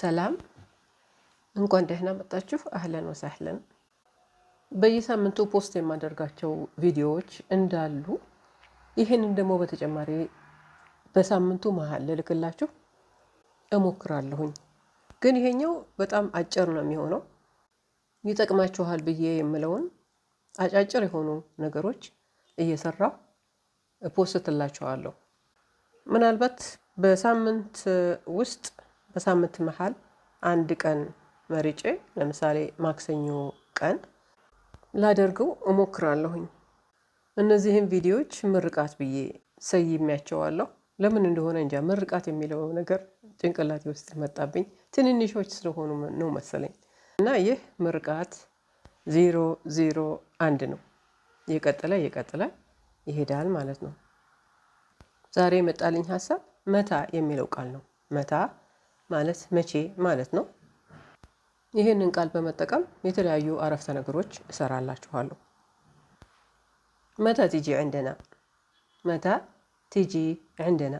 ሰላም እንኳን ደህና መጣችሁ። አህለን ወሳህለን። በየሳምንቱ ፖስት የማደርጋቸው ቪዲዮዎች እንዳሉ ይህንን ደግሞ በተጨማሪ በሳምንቱ መሀል ልልክላችሁ እሞክራለሁኝ። ግን ይሄኛው በጣም አጭር ነው የሚሆነው። ይጠቅማችኋል ብዬ የምለውን አጫጭር የሆኑ ነገሮች እየሰራሁ ፖስትላችኋለሁ። ምናልባት በሳምንት ውስጥ በሳምንት መሀል አንድ ቀን መርጬ ለምሳሌ ማክሰኞ ቀን ላደርገው እሞክራለሁኝ። እነዚህም ቪዲዮዎች ምርቃት ብዬ ሰይሜያቸዋለሁ። ለምን እንደሆነ እንጃ ምርቃት የሚለው ነገር ጭንቅላቴ ውስጥ መጣብኝ። ትንንሾች ስለሆኑ ነው መሰለኝ እና ይህ ምርቃት ዜሮ ዜሮ አንድ ነው። እየቀጠለ እየቀጠለ ይሄዳል ማለት ነው። ዛሬ የመጣልኝ ሀሳብ መታ የሚለው ቃል ነው። መታ ማለት መቼ ማለት ነው። ይህንን ቃል በመጠቀም የተለያዩ አረፍተ ነገሮች እሰራላችኋለሁ። መታ ቲጂ ዕንደና፣ መታ ቲጂ ዕንደና፣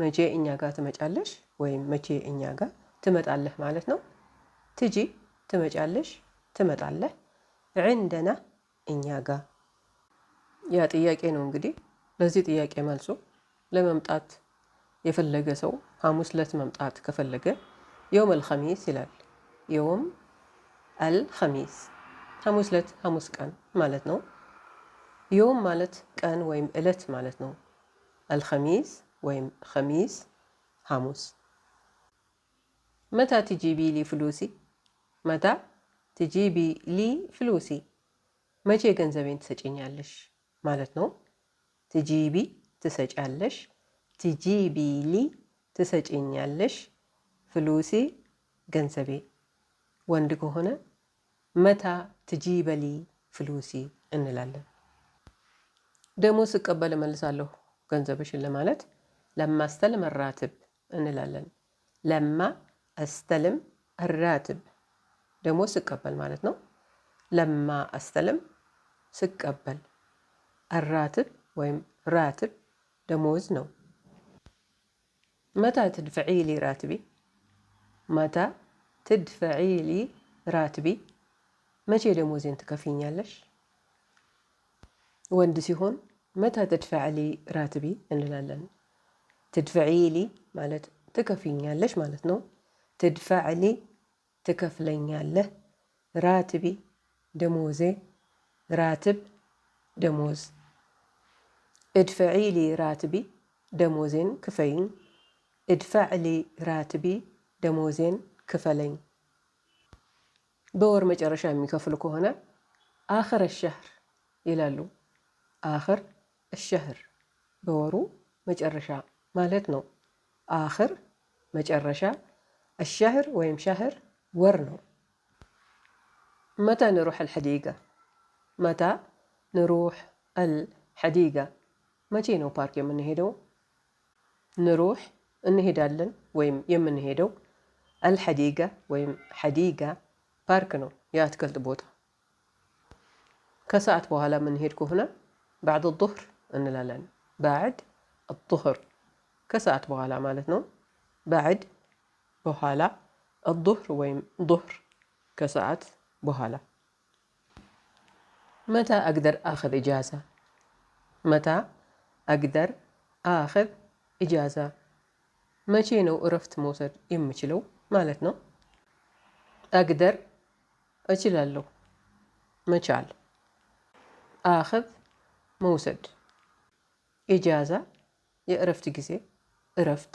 መቼ እኛ ጋር ትመጫለሽ ወይም መቼ እኛ ጋር ትመጣለህ ማለት ነው። ትጂ ትመጫለሽ፣ ትመጣለህ፣ ዕንደና እኛ ጋር ያ ጥያቄ ነው እንግዲህ። ለዚህ ጥያቄ መልሱ ለመምጣት የፈለገ ሰው ሐሙስ ለት መምጣት ከፈለገ የውም አልኸሚስ ይላል። የውም አልኸሚስ ሐሙስ ለት ሐሙስ ቀን ማለት ነው። የውም ማለት ቀን ወይም እለት ማለት ነው። አልኸሚስ ወይም ኸሚስ ሐሙስ። መታ ትጂቢ ሊ ፍሉሲ፣ መታ ትጂቢ ሊ ፍሉሲ፣ መቼ ገንዘቤን ትሰጭኛለሽ ማለት ነው። ትጂቢ ትሰጫለሽ ትጂቢሊ ትሰጪኛለሽ፣ ፍሉሲ ገንዘቤ። ወንድ ከሆነ መታ ትጂበሊ ፍሉሲ እንላለን። ደግሞ ስቀበል እመልሳለሁ ገንዘብሽን ለማለት ለማ አስተልም እራትብ እንላለን። ለማ አስተልም እራትብ ደግሞ ስቀበል ማለት ነው። ለማ አስተልም ስቀበል፣ እራትብ ወይም ራትብ ደሞዝ ነው። መታ تدفعي لي ራትቢ መታ ትድፈዒ ሊ ራትቢ መቼ ደሞዜን ትከፊኛለሽ? ወንድ ሲሆን መታ ትድፈዕ ሊ ራትቢ እንላለን። ትድፈዒ ሊ ማለት ትከፊኛለሽ ማለት ነው። ትድፈዕ ሊ ትከፍለኛለህ፣ ራትቢ ደሞዜ፣ ራትብ ደሞዝ። እድፈዒ ራትቢ ደሞዜን ክፈይኝ ادفع لي راتبي دموزين كفلين بور مجرشا ميكفلكو هنا آخر الشهر إلى لو آخر الشهر بورو مجرشا مالتنو آخر مجرشا الشهر ويم شهر ورنو متى نروح الحديقة؟ متى نروح الحديقة؟ متى نو من هيدو؟ نروح እንሄዳለን ወይም የምንሄደው አልሐዲጋ ወይም ሐዲጋ ፓርክ ነው፣ የአትክልት ቦታ። ከሰዓት በኋላ የምንሄድ ከሆነ ባዕድ ዙህር እንላለን። ባዕድ ዙህር ከሰዓት በኋላ ማለት ነው። ባዕድ በኋላ ዙህር ወይም ዙህር ከሰዓት በኋላ። መታ አግደር አኸዝ ኢጃዛ መታ አግደር አኸዝ ኢጃዛ መቼ ነው እረፍት መውሰድ የምችለው ማለት ነው። አግደር እችላለሁ፣ መቻል። አኸዝ መውሰድ፣ ኢጃዛ የእረፍት ጊዜ እረፍት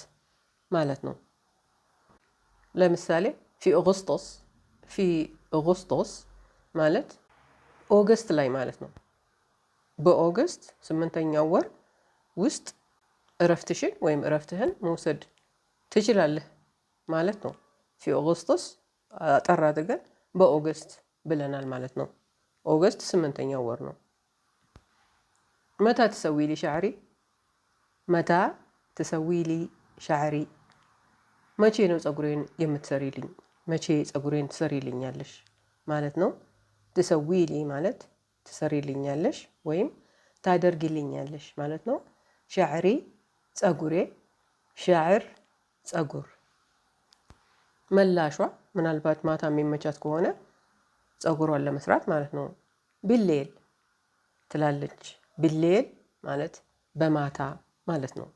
ማለት ነው። ለምሳሌ ፊ ኦገስጦስ ፊ ኦገስጦስ ማለት ኦገስት ላይ ማለት ነው። በኦገስት ስምንተኛው ወር ውስጥ እረፍትሽን ወይም እረፍትህን መውሰድ ትችላለህ ማለት ነው። ፊ ኦገስቶስ አጠር አድርገን በኦገስት ብለናል ማለት ነው። ኦገስት ስምንተኛው ወር ነው። መታ ትሰዊ ሊ ሻዕሪ፣ መታ ትሰዊ ሊ ሻዕሪ፣ መቼ ነው ፀጉሬን የምትሰሪልኝ? መቼ ፀጉሬን ትሰሪልኛለሽ ማለት ነው። ትሰዊ ሊ ማለት ትሰሪልኛለሽ ወይም ታደርግልኛለሽ ማለት ነው። ሻዕሪ ፀጉሬ፣ ሻዕር ፀጉር መላሿ ምናልባት ማታ የሚመቻት ከሆነ ጸጉሯን ለመስራት ማለት ነው። ቢሌል ትላለች። ቢሌል ማለት በማታ ማለት ነው።